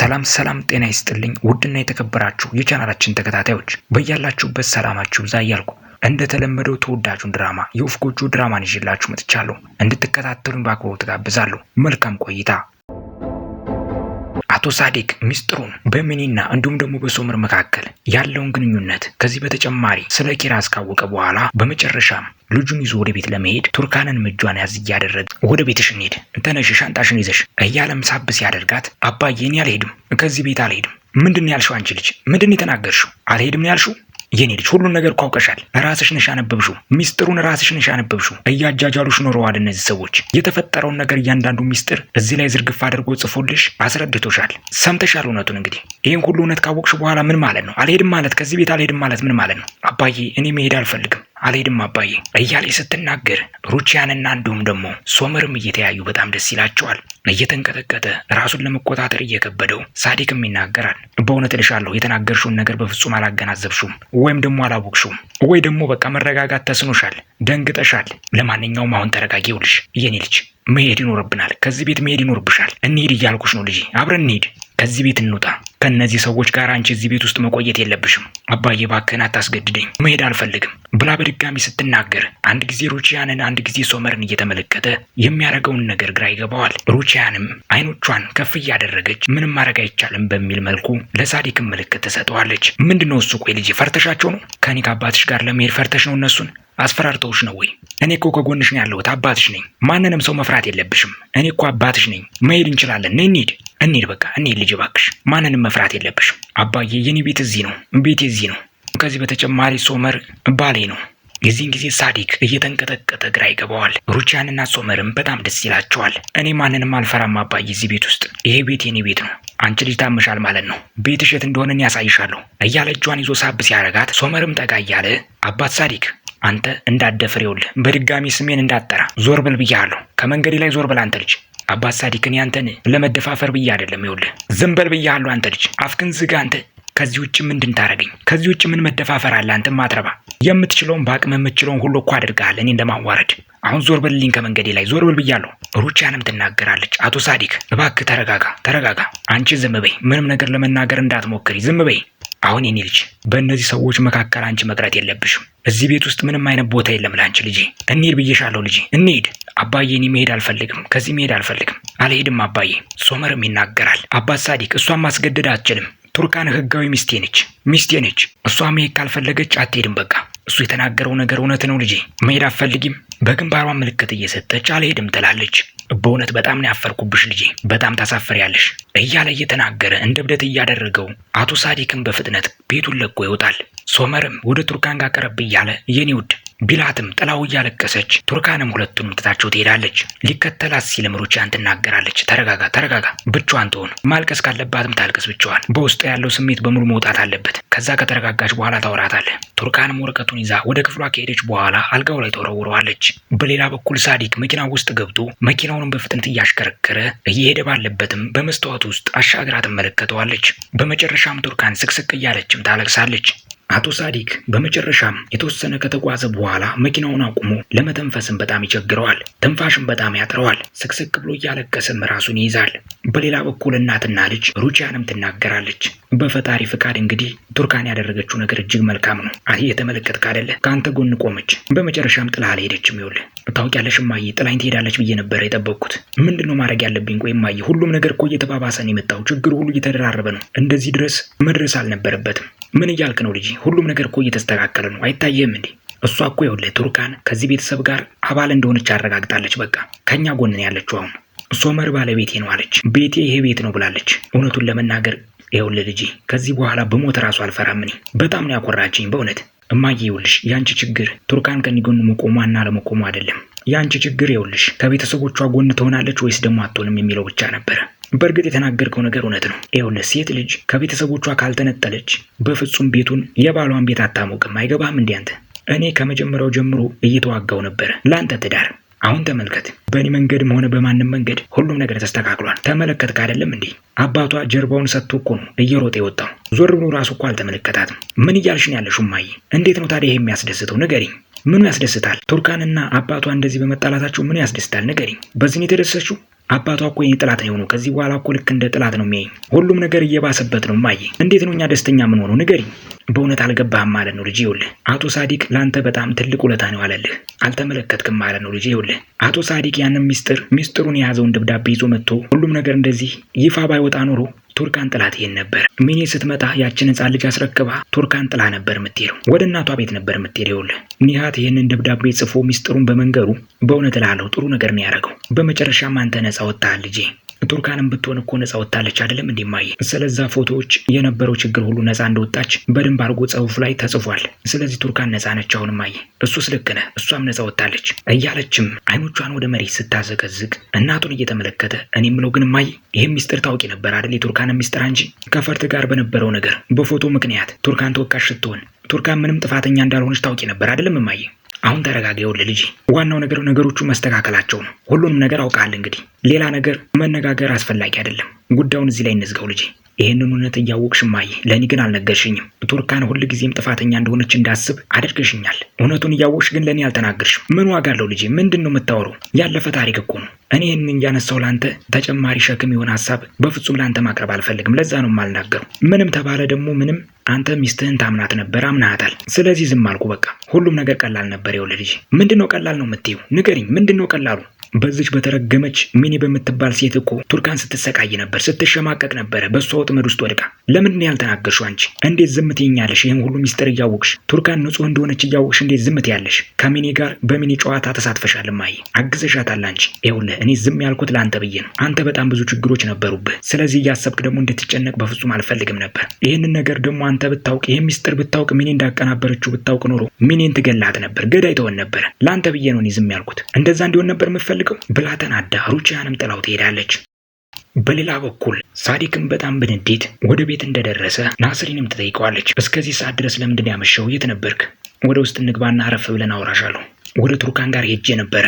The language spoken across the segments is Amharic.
ሰላም ሰላም፣ ጤና ይስጥልኝ ውድና የተከበራችሁ የቻናላችን ተከታታዮች በያላችሁበት ሰላማችሁ ብዛ እያልኩ እንደተለመደው ተወዳጁን ድራማ የወፍ ጎጆ ድራማን ይዤላችሁ መጥቻለሁ። እንድትከታተሉን በአክብሮት ጋብዛለሁ። መልካም ቆይታ። አቶ ሳዲቅ ሚስጥሩን በምኒና እንዲሁም ደግሞ በሶምር መካከል ያለውን ግንኙነት ከዚህ በተጨማሪ ስለ ኪራዝ ካወቀ በኋላ በመጨረሻም ልጁን ይዞ ወደ ቤት ለመሄድ ቱርካንን ምጇን ያዝ እያደረገ ወደ ቤትሽ እንሂድ፣ ተነሽ፣ ሻንጣሽን ይዘሽ እያለም ሳብስ ያደርጋት። አባዬ እኔ አልሄድም፣ ከዚህ ቤት አልሄድም። ምንድን ያልሽው? አንቺ ልጅ ምንድን የተናገርሽው? አልሄድም ያልሽው? የኔ ልጅ ሁሉን ነገር ቋውቀሻል። ራስሽ ነሽ ያነበብሽው፣ ሚስጥሩን ራስሽ ነሽ ያነበብሽው። እያጃጃሉሽ ኖረዋል እነዚህ ሰዎች። የተፈጠረውን ነገር እያንዳንዱ ሚስጥር እዚህ ላይ ዝርግፍ አድርጎ ጽፎልሽ አስረድቶሻል። ሰምተሻል እውነቱን። እንግዲህ ይህን ሁሉ እውነት ካወቅሽ በኋላ ምን ማለት ነው? አልሄድም ማለት ከዚህ ቤት አልሄድም ማለት ምን ማለት ነው? አባዬ እኔ መሄድ አልፈልግም አልሄድም አባዬ እያሌ ስትናገር ሩቺያንና እንዲሁም ደግሞ ሶመርም እየተያዩ በጣም ደስ ይላቸዋል። እየተንቀጠቀጠ ራሱን ለመቆጣጠር እየከበደው ሳዲቅም ይናገራል። በእውነት እልሻለሁ የተናገርሽውን ነገር በፍጹም አላገናዘብሽም ወይም ደግሞ አላወቅሽውም ወይ ደግሞ በቃ መረጋጋት ተስኖሻል፣ ደንግጠሻል። ለማንኛውም አሁን ተረጋጊ። ይኸውልሽ የኔ ልጅ መሄድ ይኖርብናል። ከዚህ ቤት መሄድ ይኖርብሻል። እንሂድ እያልኩሽ ነው ልጅ፣ አብረን እንሂድ ከዚህ ቤት እንውጣ። ከእነዚህ ሰዎች ጋር አንቺ እዚህ ቤት ውስጥ መቆየት የለብሽም። አባዬ ባክህን አታስገድደኝ፣ መሄድ አልፈልግም ብላ በድጋሚ ስትናገር አንድ ጊዜ ሩቺያንን አንድ ጊዜ ሶመርን እየተመለከተ የሚያደርገውን ነገር ግራ ይገባዋል። ሩቺያንም አይኖቿን ከፍ እያደረገች ምንም ማድረግ አይቻልም በሚል መልኩ ለሳዲክም ምልክት ትሰጠዋለች። ምንድነው እሱ? ቆይ ልጅ ፈርተሻቸው ነው? ከኔ ከአባትሽ ጋር ለመሄድ ፈርተሽ ነው እነሱን አስፈራርተውሽ ነው ወይ? እኔ እኮ ከጎንሽ ነው ያለሁት፣ አባትሽ ነኝ። ማንንም ሰው መፍራት የለብሽም። እኔ እኮ አባትሽ ነኝ። መሄድ እንችላለን። ነይ እንሂድ፣ እንሂድ፣ በቃ እንሂድ። ልጅ እባክሽ ማንንም መፍራት የለብሽም። አባዬ፣ የኔ ቤት እዚህ ነው፣ ቤቴ እዚህ ነው። ከዚህ በተጨማሪ ሶመር ባሌ ነው። የዚህን ጊዜ ሳዲክ እየተንቀጠቀጠ ግራ ይገባዋል። ሩቺያንና ሶመርም በጣም ደስ ይላቸዋል። እኔ ማንንም አልፈራም አባዬ፣ እዚህ ቤት ውስጥ ይሄ ቤት የኔ ቤት ነው። አንቺ ልጅ ታመሻል ማለት ነው። ቤትሽ የት እንደሆነ እኔ ያሳይሻለሁ እያለ እጇን ይዞ ሳብ ሲያረጋት፣ ሶመርም ጠጋ እያለ አባት ሳዲክ አንተ እንዳደፍር ይኸውልህ፣ በድጋሚ ስሜን እንዳጠራ ዞር ብል ብያለሁ። ከመንገዴ ላይ ዞር ብል አንተ ልጅ አባት ሳዲክን ያንተን ለመደፋፈር ብዬ አይደለም። ይኸውልህ ዝም በል ብያለሁ። አንተ ልጅ አፍክን ዝጋ አንተ ከዚህ ውጭ ምን ታደርገኝ ከዚህ ውጭ ምን መደፋፈር አለ? አንተ ማትረባ የምትችለውን በአቅም የምትችለውን ሁሉ እኮ አድርገሃል፣ እኔን ለማዋረድ። አሁን ዞር በልልኝ ከመንገዴ ላይ ዞር በል ብያለሁ። ሩቺያንም ትናገራለች። አቶ ሳዲክ እባክህ ተረጋጋ፣ ተረጋጋ። አንቺ ዝም በይ፣ ምንም ነገር ለመናገር እንዳትሞክሪ፣ ዝም በይ። አሁን የኔ ልጅ በእነዚህ ሰዎች መካከል አንቺ መቅረት የለብሽም። እዚህ ቤት ውስጥ ምንም አይነት ቦታ የለም ለአንቺ ልጄ። እኔሄድ ብዬሻለሁ ልጄ፣ እንሄድ። አባዬ እኔ መሄድ አልፈልግም፣ ከዚህ መሄድ አልፈልግም። አልሄድም አባዬ። ሶመርም ይናገራል። አባት ሳዲቅ፣ እሷን ማስገደድ አትችልም። ቱርካን ህጋዊ ሚስቴ ነች፣ ሚስቴ ነች። እሷ መሄድ ካልፈለገች አትሄድም። በቃ እሱ የተናገረው ነገር እውነት ነው ልጄ፣ መሄድ አትፈልጊም? በግንባሯ ምልክት እየሰጠች አልሄድም ትላለች። በእውነት በጣም ነው ያፈርኩብሽ ልጄ፣ በጣም ታሳፍሪያለሽ እያለ እየተናገረ እንደ እብደት እያደረገው አቶ ሳዲክም በፍጥነት ቤቱን ለቆ ይወጣል። ሶመርም ወደ ቱርካን ጋር ቀረብ እያለ የኔ ውድ ቢላትም ጥላው እያለቀሰች ቱርካንም ሁለቱን ምትታቸው ትሄዳለች። ሊከተላት ሲልም ሩቺያን ትናገራለች። ተረጋጋ ተረጋጋ፣ ብቻዋን ትሆን ማልቀስ ካለባትም ታልቀስ ብቻዋን። በውስጡ ያለው ስሜት በሙሉ መውጣት አለበት። ከዛ ከተረጋጋች በኋላ ታወራታለህ። ቱርካንም ወረቀቱን ይዛ ወደ ክፍሏ ከሄደች በኋላ አልጋው ላይ ተወረውረዋለች። በሌላ በኩል ሳዲቅ መኪና ውስጥ ገብቶ መኪናውንም በፍጥነት እያሽከረከረ እየሄደ ባለበትም በመስታወት ውስጥ አሻግራ ትመለከተዋለች። በመጨረሻም ቱርካን ስቅስቅ እያለችም ታለቅሳለች። አቶ ሳዲቅ በመጨረሻም የተወሰነ ከተጓዘ በኋላ መኪናውን አቁሞ ለመተንፈስም በጣም ይቸግረዋል። ትንፋሽም በጣም ያጥረዋል። ስቅስቅ ብሎ እያለቀሰም ራሱን ይይዛል። በሌላ በኩል እናትና ልጅ ሩቺያንም ትናገራለች። በፈጣሪ ፍቃድ እንግዲህ ቱርካን ያደረገችው ነገር እጅግ መልካም ነው። አይ የተመለከት ካደለ ከአንተ ጎን ቆመች። በመጨረሻም ጥላ አልሄደችም። ይኸውልህ ታውቂያለሽ እማዬ ጥላኝ ትሄዳለች ብዬ ነበረ የጠበቅኩት። ምንድን ነው ማድረግ ያለብኝ? ቆይ እማዬ፣ ሁሉም ነገር እኮ ነው የመጣው ችግሩ ሁሉ እየተደራረበ ነው። እንደዚህ ድረስ መድረስ አልነበረበትም። ምን እያልክ ነው ልጅ? ሁሉም ነገር እኮ እየተስተካከለ ነው። አይታየም እንዴ? እሷ እኮ የውለ ቱርካን ከዚህ ቤተሰብ ጋር አባል እንደሆነች አረጋግጣለች። በቃ ከኛ ጎን ነው ያለችው። አሁን ሶመር ባለቤቴ ነው አለች። ቤቴ ይሄ ቤት ነው ብላለች። እውነቱን ለመናገር ይኸውልህ ልጅ፣ ከዚህ በኋላ በሞት ራሱ አልፈራም። እኔ በጣም ነው ያኮራችኝ በእውነት እማዬ። ይኸውልሽ ያንቺ ችግር ቱርካን ከእኔ ጎን መቆሟና ለመቆሙ አይደለም። ያንቺ ችግር ይኸውልሽ ከቤተሰቦቿ ጎን ትሆናለች ወይስ ደግሞ አትሆንም የሚለው ብቻ ነበረ። በእርግጥ የተናገርከው ነገር እውነት ነው። ይኸውልህ ሴት ልጅ ከቤተሰቦቿ ካልተነጠለች በፍጹም ቤቱን የባሏን ቤት አታሞቅም። አይገባህም እንዴ አንተ? እኔ ከመጀመሪያው ጀምሮ እየተዋጋው ነበረ ለአንተ ትዳር። አሁን ተመልከት፣ በእኔ መንገድም ሆነ በማንም መንገድ ሁሉም ነገር ተስተካክሏል። ተመለከትክ አይደለም እንዴ? አባቷ ጀርባውን ሰጥቶ እኮ ነው እየሮጠ የወጣው። ዞር ብሎ ራሱ እኮ አልተመለከታትም። ምን እያልሽ ነው ያለሽው እማዬ? እንዴት ነው ታዲያ ይሄ የሚያስደስተው? ንገሪኝ። ምኑ ያስደስታል? ቱርካንና አባቷ እንደዚህ በመጣላታቸው ምኑ ያስደስታል? ንገሪኝ። በዚህ ነው የተደሰችው? አባቷ እኮ የኔ ጥላት አይሆኑ። ከዚህ በኋላ እኮ ልክ እንደ ጥላት ነው የሚያየኝ። ሁሉም ነገር እየባሰበት ነው። ማየ እንዴት ነው እኛ ደስተኛ ምን ሆነው ንገሪኝ። በእውነት አልገባህም ማለት ነው ልጅ ይኸውልህ አቶ ሳዲቅ ለአንተ በጣም ትልቅ ውለታ ነው አለልህ። አልተመለከትክም ማለት ነው ልጅ። ይኸውልህ አቶ ሳዲቅ ያንን ሚስጥር ሚስጥሩን የያዘውን ደብዳቤ ይዞ መጥቶ ሁሉም ነገር እንደዚህ ይፋ ባይወጣ ኖሮ ቱርካን ጥላት ይሄን ነበር። ሚኔ ስትመጣ ያችን ህፃን ልጅ አስረክባ ቱርካን ጥላ ነበር የምትሄደው፣ ወደ እናቷ ቤት ነበር የምትሄደው። ኒሃት ይህንን ደብዳቤ ጽፎ ሚስጥሩን በመንገሩ በእውነት እላለሁ ጥሩ ነገር ነው ያደረገው። በመጨረሻም አንተ ነፃ ወጣህ ልጄ ቱርካንም ብትሆን እኮ ነፃ ወጥታለች አይደለም ማየ ስለዛ ፎቶዎች የነበረው ችግር ሁሉ ነፃ እንደወጣች በደንብ አድርጎ ጽሁፍ ላይ ተጽፏል። ስለዚህ ቱርካን ነፃ ነች። አሁን ማየ እሱስ ልክ ነህ፣ እሷም ነፃ ወጥታለች እያለችም አይኖቿን ወደ መሬት ስታዘቀዝቅ እናቱን እየተመለከተ እኔ የምለው ግን ማየ ይህም ሚስጥር ታውቂ ነበር አይደል? የቱርካን ሚስጥር አንቺ ከፈርት ጋር በነበረው ነገር በፎቶ ምክንያት ቱርካን ተወቃሽ ስትሆን ቱርካን ምንም ጥፋተኛ እንዳልሆነች ታውቂ ነበር አይደለም ማየ? አሁን ተረጋጋ፣ ይኸውልህ ልጄ፣ ዋናው ነገር ነገሮቹ መስተካከላቸው ነው። ሁሉንም ነገር አውቃል እንግዲህ ሌላ ነገር መነጋገር አስፈላጊ አይደለም። ጉዳዩን እዚህ ላይ እንዝገው ልጄ። ይህንን እውነት እያወቅሽ እማዬ፣ ለእኔ ግን አልነገርሽኝም። ቱርካን ሁልጊዜም ጥፋተኛ እንደሆነች እንዳስብ አድርገሽኛል። እውነቱን እያወቅሽ ግን ለእኔ አልተናገርሽም። ምን ዋጋ አለው ልጄ? ምንድን ነው የምታወረው? ያለፈ ታሪክ እኮ ነው። እኔ ይህንን እያነሳው ለአንተ ተጨማሪ ሸክም የሆነ ሀሳብ በፍጹም ለአንተ ማቅረብ አልፈልግም። ለዛ ነው የማልናገሩ። ምንም ተባለ ደግሞ ምንም፣ አንተ ሚስትህን ታምናት ነበር፣ አምናሃታል። ስለዚህ ዝም አልኩ በቃ። ሁሉም ነገር ቀላል ነበር። የወለ ልጄ፣ ምንድን ነው ቀላል ነው የምትይው? ንገሪኝ፣ ምንድን ነው ቀላሉ? በዚች በተረገመች ሚኒ በምትባል ሴት እኮ ቱርካን ስትሰቃይ ነበር፣ ስትሸማቀቅ ነበረ በእሷ ወጥመድ ውስጥ ወድቃ። ለምን ያልተናገርሽው አንቺ? እንዴት ዝም ትይኛለሽ? ይህን ሁሉ ሚስጥር እያወቅሽ ቱርካን ንጹህ እንደሆነች እያወቅሽ እንዴት ዝም ትያለሽ? ከሚኒ ጋር በሚኒ ጨዋታ ተሳትፈሻል። እማዬ አግዘሻታል አንቺ። ይኸውልህ እኔ ዝም ያልኩት ለአንተ ብዬ ነው። አንተ በጣም ብዙ ችግሮች ነበሩብህ። ስለዚህ እያሰብክ ደግሞ እንድትጨነቅ በፍጹም አልፈልግም ነበር። ይህንን ነገር ደግሞ አንተ ብታውቅ፣ ይህን ሚስጥር ብታውቅ፣ ሚኒ እንዳቀናበረችው ብታውቅ ኖሮ ሚኒን ትገላት ነበር፣ ገዳይ ትሆን ነበር። ለአንተ ብዬ ነው እኔ ዝም ያልኩት። እንደዛ እንዲሆን ነበር የምፈልግ አልፈልግም ብላ ሩቺያንም ጥላው ትሄዳለች። በሌላ በኩል ሳዲክም በጣም በንዴት ወደ ቤት እንደደረሰ ናስሪንም ትጠይቀዋለች። እስከዚህ ሰዓት ድረስ ለምንድን ያመሸው? የት ነበርክ? ወደ ውስጥ እንግባና አረፍ ብለን አውራሻሉ። ወደ ቱርካን ጋር ሄጄ ነበረ።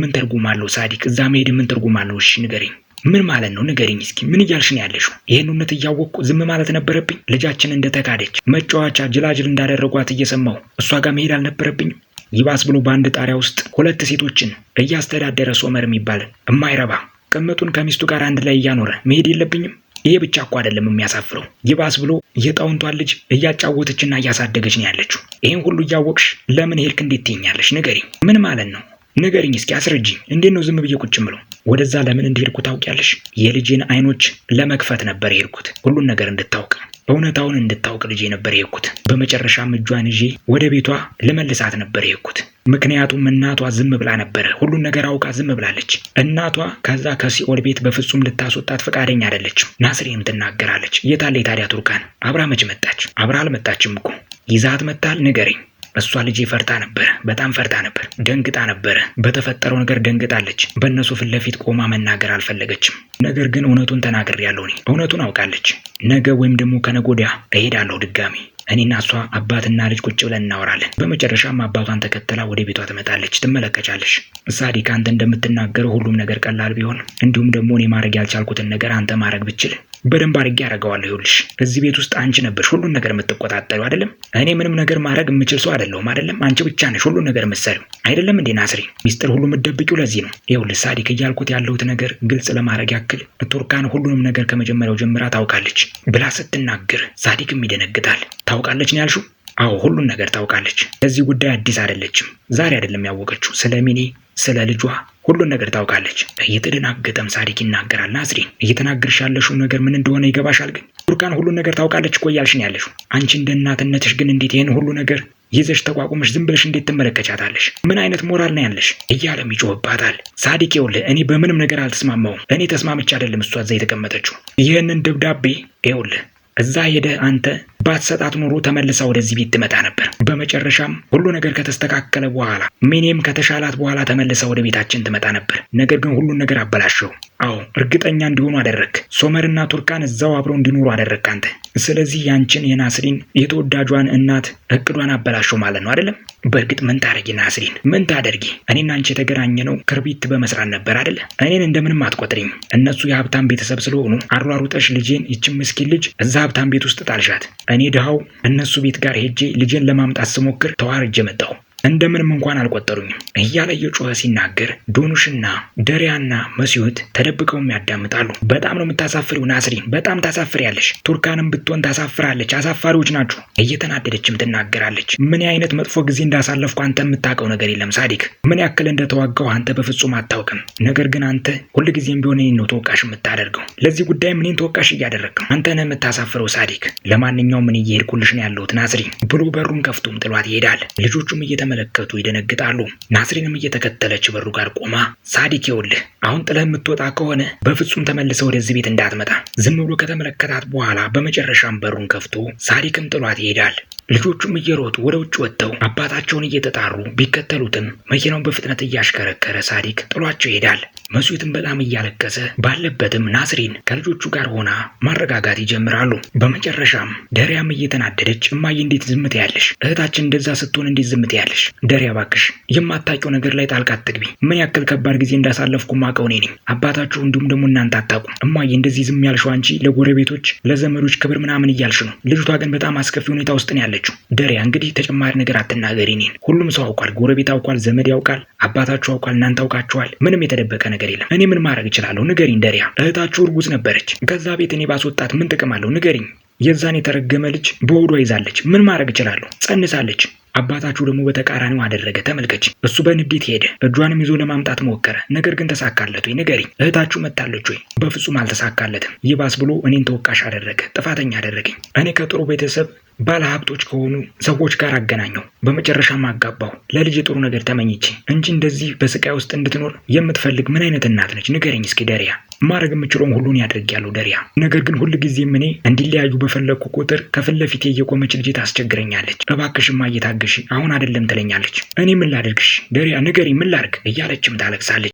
ምን ትርጉም አለው ሳዲክ? እዛ መሄድ ምን ትርጉም አለው? እሺ ንገሪኝ። ምን ማለት ነው ንገሪኝ እስኪ። ምን እያልሽ ነው ያለሽው? ይህን እውነት እያወቅኩ ዝም ማለት ነበረብኝ? ልጃችን እንደተካደች መጫወቻ ጅላጅል እንዳደረጓት እየሰማሁ እሷ ጋር መሄድ አልነበረብኝም? ይባስ ብሎ በአንድ ጣሪያ ውስጥ ሁለት ሴቶችን እያስተዳደረ ሶመር የሚባል እማይረባ ቅምጡን ከሚስቱ ጋር አንድ ላይ እያኖረ መሄድ የለብኝም። ይሄ ብቻ እኮ አይደለም የሚያሳፍረው፣ ይባስ ብሎ የጣውንቷን ልጅ እያጫወተችና እያሳደገች ነው ያለችው። ይህን ሁሉ እያወቅሽ ለምን ሄድክ? እንዴት ትይኛለሽ? ንገሪኝ። ምን ማለት ነው? ንገሪኝ እስኪ አስረጅኝ። እንዴት ነው ዝም ብዬ ቁጭ ምለው? ወደዛ ለምን እንደሄድኩ ታውቂያለሽ? የልጄን አይኖች ለመክፈት ነበር የሄድኩት፣ ሁሉን ነገር እንድታውቅ እውነታውን እንድታውቅ ልጄ ነበር የኩት። በመጨረሻም እጇን ይዤ ወደ ቤቷ ልመልሳት ነበር የኩት። ምክንያቱም እናቷ ዝም ብላ ነበረ። ሁሉን ነገር አውቃ ዝም ብላለች። እናቷ ከዛ ከሲኦል ቤት በፍጹም ልታስወጣት ፈቃደኛ አይደለችም። ናስሬም ትናገራለች። የታለ የታዲያ ቱርካን አብራ መች መጣች? አብራ አልመጣችም እኮ ይዛት መታል ንገረኝ እሷ ልጄ ፈርታ ነበር፣ በጣም ፈርታ ነበር፣ ደንግጣ ነበረ። በተፈጠረው ነገር ደንግጣለች። በእነሱ ፊት ለፊት ቆማ መናገር አልፈለገችም። ነገር ግን እውነቱን ተናግሬያለሁ። እኔ እውነቱን አውቃለች። ነገ ወይም ደግሞ ከነጎዲያ እሄዳለሁ ድጋሚ እኔና እሷ አባትና ልጅ ቁጭ ብለን እናወራለን። በመጨረሻም አባቷን ተከትላ ወደ ቤቷ ትመጣለች። ትመለከቻለሽ። ሳዲቅ፣ አንተ እንደምትናገረው ሁሉም ነገር ቀላል ቢሆን እንዲሁም ደግሞ እኔ ማድረግ ያልቻልኩትን ነገር አንተ ማድረግ ብችል በደንብ አድርጌ አደርገዋለሁ። ይኸውልሽ እዚህ ቤት ውስጥ አንቺ ነበርሽ ሁሉን ነገር የምትቆጣጠሪው አይደለም። እኔ ምንም ነገር ማድረግ የምችል ሰው አይደለሁም አይደለም። አንቺ ብቻ ነሽ ሁሉን ነገር የምትሰሪው አይደለም እንዴ ናስሪ? ሚስጥር ሁሉ የምትደብቂው ለዚህ ነው። ይኸውልሽ ሳዲክ እያልኩት ያለሁት ነገር ግልጽ ለማድረግ ያክል ቱርካን ሁሉንም ነገር ከመጀመሪያው ጀምራ ታውቃለች ብላ ስትናገር ሳዲክም ይደነግጣል። ታውቃለች ነው ያልሽው? አዎ ሁሉን ነገር ታውቃለች። ለዚህ ጉዳይ አዲስ አይደለችም። ዛሬ አይደለም ያወቀችው ስለ ሚኔ ስለ ልጇ ሁሉን ነገር ታውቃለች። እየተደናገጠም ሳዲክ ይናገራል። ናዝሪን እየተናገርሽ ያለሽው ነገር ምን እንደሆነ ይገባሻል። ግን ቱርካን ሁሉን ነገር ታውቃለች እኮ እያልሽን ያለሽው አንቺ እንደ እናትነትሽ ግን እንዴት ይህን ሁሉ ነገር ይዘሽ ተቋቁመሽ ዝም ብለሽ እንዴት ትመለከቻታለሽ? ምን አይነት ሞራል ነው ያለሽ? እያለም ይጮህባታል። ሳዲቅ ይኸውልህ፣ እኔ በምንም ነገር አልተስማማውም። እኔ ተስማምቼ አይደለም እሷ እዛ የተቀመጠችው። ይህንን ደብዳቤ ይኸውልህ እዛ ሄደህ አንተ ባትሰጣት ኑሮ ተመልሳ ወደዚህ ቤት ትመጣ ነበር። በመጨረሻም ሁሉ ነገር ከተስተካከለ በኋላ ሚኔም ከተሻላት በኋላ ተመልሳ ወደ ቤታችን ትመጣ ነበር። ነገር ግን ሁሉን ነገር አበላሸው። አዎ እርግጠኛ እንዲሆኑ አደረግ። ሶመርና ቱርካን እዛው አብረው እንዲኖሩ አደረግ አንተ። ስለዚህ ያንችን የናስሪን የተወዳጇን እናት እቅዷን አበላሸው ማለት ነው አይደለም? በእርግጥ ምን ታደርጊ ናስሪን፣ ምን ታደርጊ? እኔና አንቺ የተገናኘነው ነው ክርቢት በመስራት ነበር አይደለ? እኔን እንደምንም አትቆጥሪኝ። እነሱ የሀብታም ቤተሰብ ስለሆኑ አሯሩጠሽ ልጄን ይችን ምስኪን ልጅ እዛ ሀብታም ቤት ውስጥ ጣልሻት። እኔ ድሃው እነሱ ቤት ጋር ሄጄ ልጄን ለማምጣት ስሞክር ተዋርጄ መጣሁ። እንደምንም እንኳን አልቆጠሩኝም እያለ እየጮኸ ሲናገር ዶኑሽና ደሪያና መስዩት ተደብቀውም ያዳምጣሉ። በጣም ነው የምታሳፍሪው ናስሪን፣ በጣም ታሳፍሪያለሽ። ቱርካንም ብትሆን ታሳፍራለች። አሳፋሪዎች ናችሁ እየተናደደችም ትናገራለች። ምን አይነት መጥፎ ጊዜ እንዳሳለፍኩ አንተ የምታውቀው ነገር የለም ሳዲክ። ምን ያክል እንደተዋጋው አንተ በፍጹም አታውቅም። ነገር ግን አንተ ሁልጊዜም ቢሆን እኔን ነው ተወቃሽ የምታደርገው። ለዚህ ጉዳይ እኔን ተወቃሽ እያደረግም አንተ ነህ የምታሳፍረው ሳዲክ። ለማንኛውም ምን እየሄድኩልሽ ነው ያለሁት ናስሪን ብሎ በሩን ከፍቶም ጥሏት ይሄዳል። ልጆቹም እየተ ሲመለከቱ ይደነግጣሉ። ናስሪንም እየተከተለች በሩ ጋር ቆማ ሳዲክ ይኸውልህ፣ አሁን ጥለህ የምትወጣ ከሆነ በፍጹም ተመልሰ ወደዚህ ቤት እንዳትመጣ። ዝም ብሎ ከተመለከታት በኋላ በመጨረሻም በሩን ከፍቶ ሳዲክም ጥሏት ይሄዳል። ልጆቹም እየሮጡ ወደ ውጭ ወጥተው አባታቸውን እየተጣሩ ቢከተሉትም መኪናውን በፍጥነት እያሽከረከረ ሳዲክ ጥሏቸው ይሄዳል። መሱየትም በጣም እያለቀሰ ባለበትም ናስሪን ከልጆቹ ጋር ሆና ማረጋጋት ይጀምራሉ። በመጨረሻም ደሪያም እየተናደደች እማዬ እንዴት ዝም ትያለሽ? እህታችን እንደዛ ስትሆን እንዴት ዝም ትያለሽ? ደሪያ ባክሽ የማታውቂው ነገር ላይ ጣልቃ አትግቢ። ምን ያክል ከባድ ጊዜ እንዳሳለፍኩ ማቀው እኔ ነኝ። አባታችሁ እንዲሁም ደግሞ እናንተ አታውቁም። እማዬ እንደዚህ ዝም ያልሽው አንቺ ለጎረቤቶች ለዘመዶች ክብር ምናምን እያልሽ ነው። ልጅቷ ግን በጣም አስከፊ ሁኔታ ውስጥ ነው ያለችው። ደሪያ እንግዲህ ተጨማሪ ነገር አትናገሪ እኔን። ሁሉም ሰው አውቋል፣ ጎረቤት አውቋል፣ ዘመድ ያውቃል፣ አባታችሁ አውቋል፣ እናንተ አውቃችኋል። ምንም የተደበቀ ነገር ነገር የለም። እኔ ምን ማድረግ እችላለሁ? ንገሪኝ ደሪያ። እህታችሁ እርጉዝ ነበረች። ከዛ ቤት እኔ ባስወጣት ምን ጥቅም አለው? ንገሪኝ። የዛን የተረገመ ልጅ በሆዷ ይዛለች። ምን ማድረግ እችላለሁ? ጸንሳለች። አባታችሁ ደግሞ በተቃራኒው አደረገ። ተመልከች። እሱ በንዴት ሄደ፣ እጇንም ይዞ ለማምጣት ሞከረ። ነገር ግን ተሳካለት ወይ? ንገሪኝ። እህታችሁ መታለች ወይ? በፍጹም አልተሳካለትም። ይባስ ብሎ እኔን ተወቃሽ አደረገ፣ ጥፋተኛ አደረገኝ። እኔ ከጥሩ ቤተሰብ ባለ ሀብቶች ከሆኑ ሰዎች ጋር አገናኘው፣ በመጨረሻም አጋባው ለልጅ ጥሩ ነገር ተመኝቼ እንጂ እንደዚህ በስቃይ ውስጥ እንድትኖር የምትፈልግ ምን አይነት እናት ነች? ንገረኝ እስኪ ደሪያ ማድረግ የምችለውም ሁሉን ያደርግ ያለው ደሪያ ነገር ግን ጊዜም እኔ እንዲለያዩ በፈለግኩ ቁጥር ከፊት ለፊቴ እየቆመች ልጄ ታስቸግረኛለች። እባክሽማ እየታገሽ አሁን አይደለም ትለኛለች። እኔ ምን ላድርግሽ ደሪያ ንገሪ፣ ምን ላድርግ እያለችም ታለቅሳለች።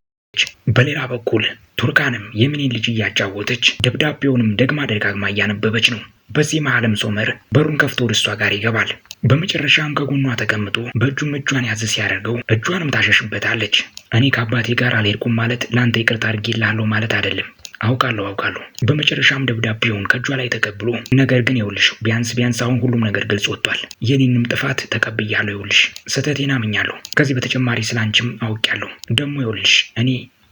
በሌላ በኩል ቱርካንም የምኔን ልጅ እያጫወተች ደብዳቤውንም ደግማ ደጋግማ እያነበበች ነው። በዚህ መዓለም ሶመር በሩን ከፍቶ ወደ እሷ ጋር ይገባል። በመጨረሻም ከጎኗ ተቀምጦ በእጁም እጇን ያዝ ሲያደርገው እጇንም ታሸሽበታለች። እኔ ከአባቴ ጋር አልሄድኩም ማለት ለአንተ ይቅርታ አድርጌልሃለሁ ማለት አይደለም። አውቃለሁ አውቃለሁ። በመጨረሻም ደብዳቤውን ከእጇ ላይ ተቀብሎ ነገር ግን ይኸውልሽ፣ ቢያንስ ቢያንስ አሁን ሁሉም ነገር ግልጽ ወጥቷል። የኔንም ጥፋት ተቀብያለሁ። ይኸውልሽ፣ ስህተቴን አምኛለሁ። ከዚህ በተጨማሪ ስላንቺም አውቄያለሁ። ደግሞ ይኸውልሽ፣ እኔ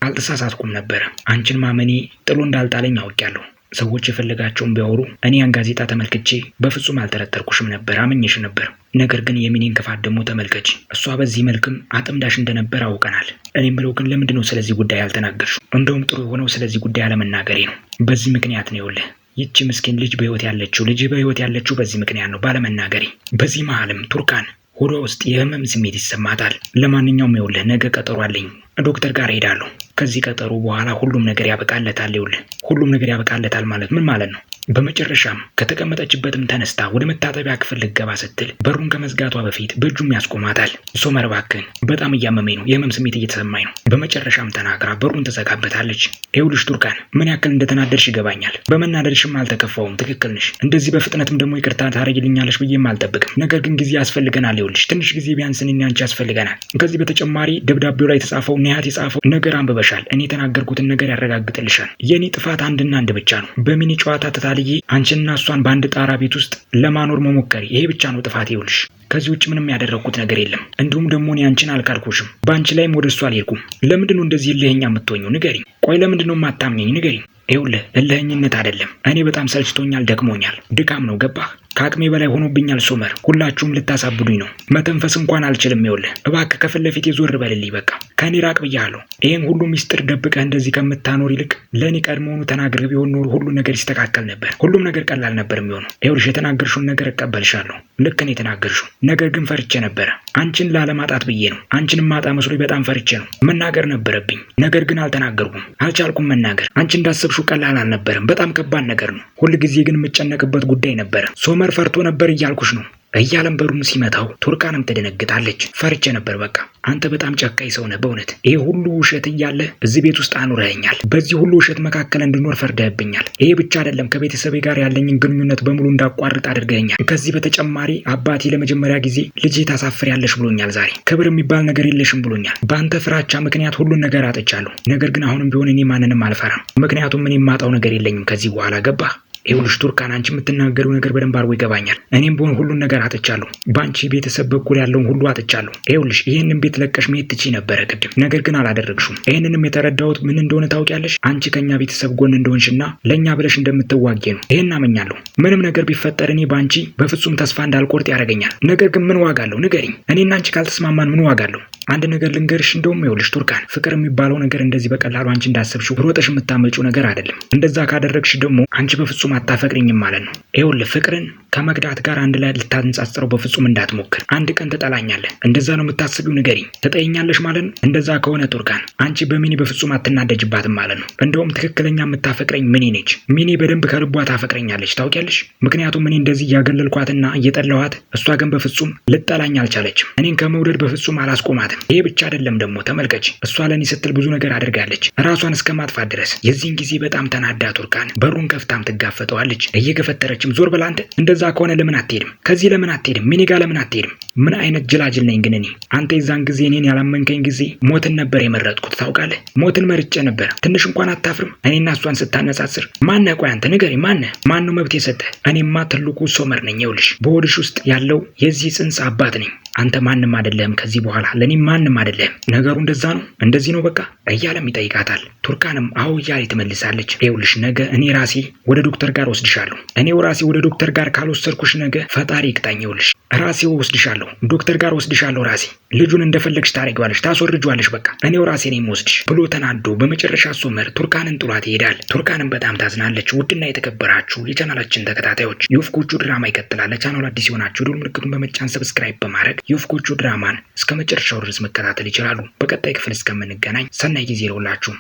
አልተሳሳትኩም ነበረ። አንቺን ማመኔ ጥሎ እንዳልጣለኝ አውቄያለሁ። ሰዎች የፈለጋቸውን ቢያወሩ እኔ ያን ጋዜጣ ተመልክቼ በፍጹም አልጠረጠርኩሽም ነበር፣ አመኘሽ ነበር። ነገር ግን የሚኔን ክፋት ደግሞ ተመልከች። እሷ በዚህ መልክም አጥምዳሽ እንደነበር አውቀናል። እኔም ብለው ግን ለምንድን ነው ስለዚህ ጉዳይ አልተናገርሽው? እንደውም ጥሩ የሆነው ስለዚህ ጉዳይ አለመናገሬ ነው። በዚህ ምክንያት ነው ይኸውልህ ይቺ ምስኪን ልጅ በህይወት ያለችው ልጅ በህይወት ያለችው በዚህ ምክንያት ነው ባለመናገሬ። በዚህ መሃልም ቱርካን ሆዷ ውስጥ የህመም ስሜት ይሰማታል። ለማንኛውም ይኸውልህ ነገ ቀጠሮ አለኝ ዶክተር ጋር ሄዳለሁ። ከዚህ ቀጠሮ በኋላ ሁሉም ነገር ያበቃለታል። ይኸውልህ ሁሉም ነገር ያበቃለታል ማለት ምን ማለት ነው? በመጨረሻም ከተቀመጠችበትም ተነስታ ወደ መታጠቢያ ክፍል ልገባ ስትል በሩን ከመዝጋቷ በፊት በእጁም ያስቆማታል። ሶመር እባክህን፣ በጣም እያመመኝ ነው፣ የህመም ስሜት እየተሰማኝ ነው። በመጨረሻም ተናግራ በሩን ትዘጋበታለች። ይኸውልሽ ቱርካን፣ ምን ያክል እንደተናደድሽ ይገባኛል። በመናደድሽም አልተከፋውም፣ ትክክል ነሽ። እንደዚህ በፍጥነትም ደግሞ ይቅርታ ታረጊልኛለሽ ብዬም አልጠብቅም። ነገር ግን ጊዜ ያስፈልገናል። ይኸውልሽ ትንሽ ጊዜ ቢያንስ እኔና አንቺ ያስፈልገናል። ከዚህ በተጨማሪ ደብዳቤው ላይ የተጻፈው ኒያት የጻፈው ነገር አንብበሻል። እኔ የተናገርኩትን ነገር ያረጋግጥልሻል። የእኔ ጥፋት አንድና አንድ ብቻ ነው። በሚኒ ጨዋታ ተታ ተታልዬ አንቺና እሷን በአንድ ጣራ ቤት ውስጥ ለማኖር መሞከሪ፣ ይሄ ብቻ ነው ጥፋት ይውልሽ። ከዚህ ውጭ ምንም ያደረግኩት ነገር የለም። እንዲሁም ደግሞ እኔ አንቺን አልካድኩሽም፣ በአንቺ ላይም ወደ እሷ አልሄድኩም። ለምንድን ነው እንደዚህ እልህኛ የምትወኘው ንገሪኝ። ቆይ ለምንድን ነው የማታምኘኝ? ንገሪኝ። ይኸውልህ እልህኝነት አይደለም፣ እኔ በጣም ሰልችቶኛል፣ ደክሞኛል፣ ድካም ነው። ገባህ? ከአቅሜ በላይ ሆኖብኛል ሶመር፣ ሁላችሁም ልታሳብዱኝ ነው። መተንፈስ እንኳን አልችልም። ይኸውልህ እባክህ ከፊት ለፊቴ ዞር በልልኝ። በቃ ከእኔ ራቅ ብያለሁ። ይህን ሁሉ ሚስጥር ደብቀህ እንደዚህ ከምታኖር ይልቅ ለእኔ ቀድሞውኑ ተናግረህ ቢሆን ኖሮ ሁሉ ነገር ይስተካከል ነበር። ሁሉም ነገር ቀላል ነበር የሚሆነው። ይኸውልሽ የተናገርሽውን ነገር እቀበልሻለሁ። ልክ ነው የተናገርሽው ነገር ግን ፈርቼ ነበረ። አንቺን ላለማጣት ብዬ ነው። አንቺንም ማጣ መስሎኝ በጣም ፈርቼ ነው። መናገር ነበረብኝ፣ ነገር ግን አልተናገርኩም። አልቻልኩም መናገር። አንቺ እንዳሰብሽው ቀላል አልነበረም። በጣም ከባድ ነገር ነው። ሁልጊዜ ግን የምጨነቅበት ጉዳይ ነበረ። ሶመር ፈርቶ ነበር እያልኩሽ ነው። እያለም በሩን ሲመታው ቱርካንም ትደነግጣለች። ፈርቼ ነበር በቃ አንተ በጣም ጨካኝ ሰው ነህ በእውነት ይህ ሁሉ ውሸት እያለ እዚህ ቤት ውስጥ አኑረኸኛል። በዚህ ሁሉ ውሸት መካከል እንድኖር ፈርደህብኛል። ይሄ ብቻ አይደለም፣ ከቤተሰቤ ጋር ያለኝን ግንኙነት በሙሉ እንዳቋርጥ አድርገኛል። ከዚህ በተጨማሪ አባቴ ለመጀመሪያ ጊዜ ልጅ ያለሽ ብሎኛል። ዛሬ ክብር የሚባል ነገር የለሽም ብሎኛል። በአንተ ፍራቻ ምክንያት ሁሉን ነገር አጥቻለሁ። ነገር ግን አሁንም ቢሆን እኔ ማንንም አልፈራም፣ ምክንያቱም እኔ የማጣው ነገር የለኝም ከዚህ በኋላ ገባህ? ይኸውልሽ ቱርካን፣ አንቺ የምትናገረው ነገር በደንብ አድርጎ ይገባኛል። እኔም በሆን ሁሉን ነገር አጥቻለሁ። በአንቺ ቤተሰብ በኩል ያለውን ሁሉ አጥቻለሁ። ይኸውልሽ ይህንን ቤት ለቀሽ መሄድ ትችይ ነበረ ቅድም፣ ነገር ግን አላደረግሽም። ይህንንም የተረዳሁት ምን እንደሆነ ታውቂያለሽ? አንቺ ከእኛ ቤተሰብ ጎን እንደሆንሽና ለእኛ ብለሽ እንደምትዋጌ ነው። ይህን አመኛለሁ። ምንም ነገር ቢፈጠር እኔ በአንቺ በፍጹም ተስፋ እንዳልቆርጥ ያደርገኛል። ነገር ግን ምን ዋጋ አለው? ንገሪኝ። እኔና አንቺ ካልተስማማን ምን ዋጋ አለው? አንድ ነገር ልንገርሽ። እንደውም ይኸውልሽ ቱርካን፣ ፍቅር የሚባለው ነገር እንደዚህ በቀላሉ አንቺ እንዳሰብሽው ሮጠሽ የምታመጪው ነገር አይደለም። እንደዛ ካደረግሽ ደግሞ አንቺ በፍጹም በፍጹም አታፈቅሪኝም ማለት ነው። ይኸውልህ ፍቅርን ከመግዳት ጋር አንድ ላይ ልታንጻጽረው በፍጹም እንዳትሞክር። አንድ ቀን ትጠላኛለህ፣ እንደዛ ነው የምታስቢው? ንገሪኝ። ትጠይኛለሽ ማለት ነው? እንደዛ ከሆነ ቱርካን፣ አንቺ በሚኒ በፍጹም አትናደጅባትም ማለት ነው። እንደውም ትክክለኛ የምታፈቅረኝ ሚኒ ነች። ሚኒ በደንብ ከልቧ ታፈቅረኛለች፣ ታውቂያለሽ። ምክንያቱም እኔ እንደዚህ እያገለልኳትና እየጠለዋት እሷ ግን በፍጹም ልጠላኝ አልቻለችም። እኔን ከመውደድ በፍጹም አላስቆማትም። ይሄ ብቻ አይደለም ደግሞ ተመልከች፣ እሷ ለእኔ ስትል ብዙ ነገር አድርጋለች፣ ራሷን እስከ ማጥፋት ድረስ። የዚህን ጊዜ በጣም ተናዳ ቱርካን በሩን ከፍታም ትጋፈ ትሰጠዋለች። እየገፈተረችም ዞር ብላ እንደዛ ከሆነ ለምን አትሄድም? ከዚህ ለምን አትሄድም? ሚኒጋ ለምን አትሄድም? ምን አይነት ጅላጅል ነኝ ግን እኔ? አንተ የዛን ጊዜ እኔን ያላመንከኝ ጊዜ ሞትን ነበር የመረጥኩት ታውቃለህ። ሞትን መርጬ ነበር። ትንሽ እንኳን አታፍርም? እኔና እሷን ስታነጻጽር ማነህ? ቆይ አንተ ንገሪ፣ ማን ነው መብት የሰጠ? እኔማ ትልቁ ሶመር ነኝ። ይኸውልሽ በሆድሽ ውስጥ ያለው የዚህ ጽንስ አባት ነኝ። አንተ ማንም አይደለህም። ከዚህ በኋላ ለእኔ ማንም አይደለህም። ነገሩ እንደዛ ነው፣ እንደዚህ ነው በቃ እያለም ይጠይቃታል። ቱርካንም አዎ እያለች ትመልሳለች። ይኸውልሽ ነገ እኔ ራሴ ወደ ዶክተር ጋር ወስድሻለሁ። እኔው ራሴ ወደ ዶክተር ጋር ካልወሰድኩሽ ነገ ፈጣሪ ይቅጣኝውልሽ። ራሴ ራሴው ወስድሻለሁ፣ ዶክተር ጋር ወስድሻለሁ። ራሴ ልጁን እንደፈለግሽ ታረጊዋለሽ፣ ታስወርጅዋለሽ። በቃ እኔው ራሴ ነኝ የምወስድሽ ብሎ ተናዶ በመጨረሻ ሶመር ቱርካንን ጥሏት ይሄዳል። ቱርካንን በጣም ታዝናለች። ውድና የተከበራችሁ የቻናላችን ተከታታዮች የወፍ ጎጆ ድራማ ይቀጥላል። ለቻናሉ አዲስ የሆናችሁ ደወል ምልክቱን በመጫን ሰብስክራይብ በማድረግ የወፍ ጎጆ ድራማን እስከ መጨረሻው ድረስ መከታተል ይችላሉ። በቀጣይ ክፍል እስከምንገናኝ ሰናይ ጊዜ ይለውላችሁ።